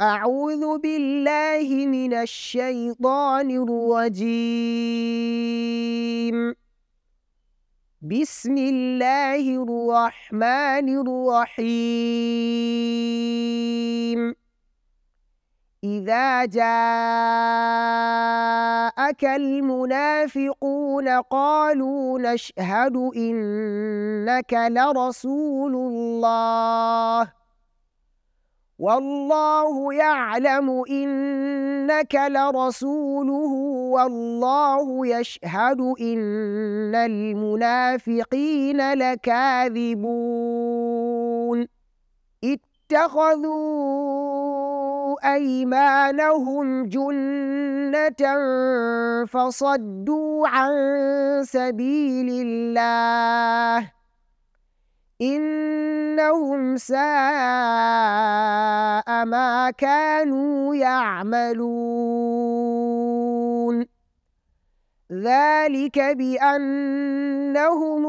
أعوذ بالله من الشيطان الرجيم بسم الله الرحمن الرحيم إذا جاءك المنافقون قالوا نشهد إنك لرسول الله والله يعلم إنك لرسوله والله يشهد إن المنافقين لكاذبون اتخذوا أيمانهم جنة فصدوا عن سبيل الله إنهم ساء ما كانوا يعملون ذلك بأنهم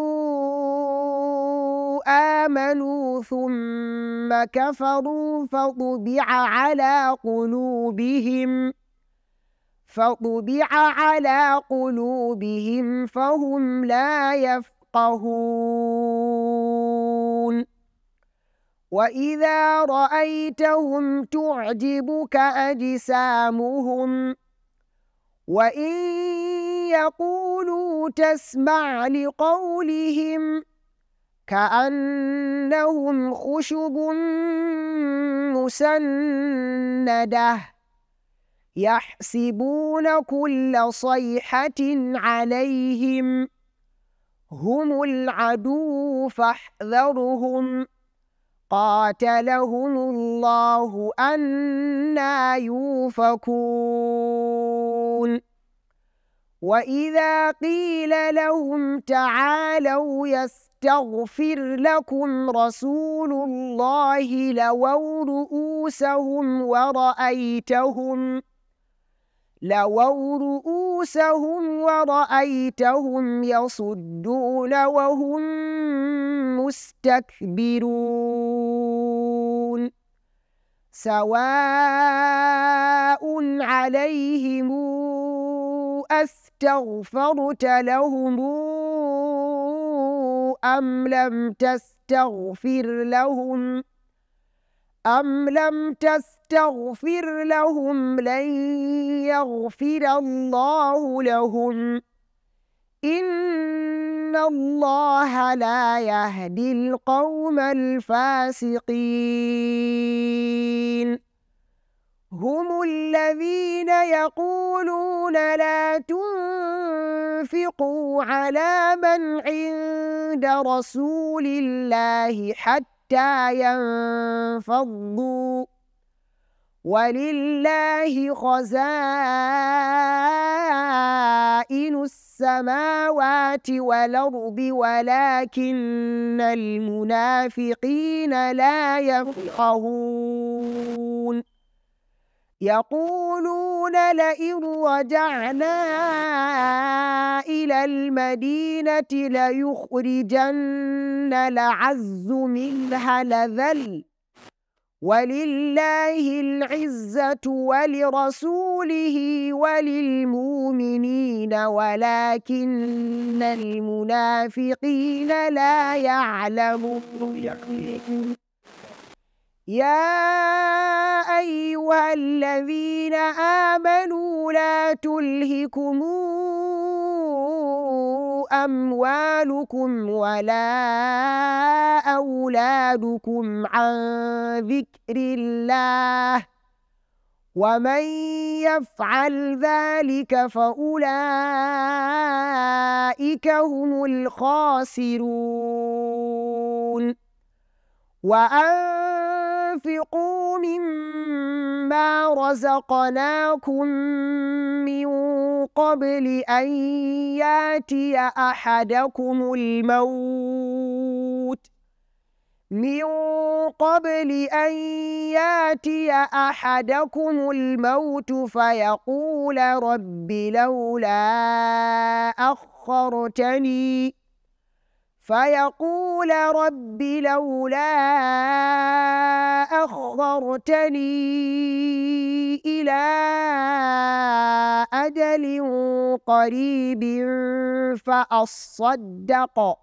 آمنوا ثم كفروا فطبع على قلوبهم فطبع على قلوبهم فهم لا يفقهون وَإِذَا رَأَيْتَهُمْ تُعْجِبُكَ أَجْسَامُهُمْ وَإِنْ يَقُولُوا تَسْمَعْ لِقَوْلِهِمْ كأنهم خشب مسندة يحسبون كل صيحة عليهم هم العدو فاحذرهم قاتلهم الله أنا يوفكون وإذا قيل لهم تعالوا يستغفر لكم رسول الله لووا رؤوسهم ورأيتهم لووا رؤوسهم ورأيتهم يصدون وهم مستكبرون سواء عليهم استغفرت لهم أم لم تستغفر لهم أم لم تستغفر لهم لن يغفر الله لهم إن الله لا يهدي القوم الفاسقين يقولون لا تنفقوا على من عند رسول الله حتى ينفضوا ولله خزائن السماوات والأرض ولكن المنافقين لا يفقهون يقولون لئن رجعنا إلى المدينة ليخرجن لعز منها لذل ولله العزة ولرسوله وللمؤمنين ولكن المنافقين لا يعلمون يا أيها الذين آمنوا لا تلهكم أموالكم ولا أولادكم عن ذكر الله ومن يفعل ذلك فأولئك هم الخاسرون وأن تُنْفِقُوا مِمَّا رَزَقْنَاكُمْ مِنْ قَبْلِ أَنْ يَأْتِيَ أَحَدَكُمُ الْمَوْتُ من قبل أن ياتي أحدكم الموت فيقول رب لولا أخرتني فيقول رب لولا أخرتني إلى أجل قريب فأصدق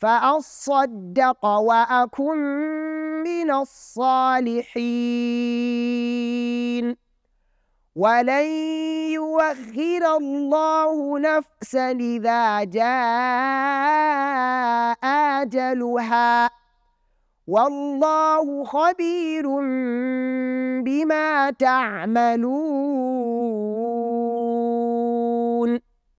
فأصدق وأكن من الصالحين ولن يؤخر الله نفسا إذا جاء أجلها والله خبير بما تعملون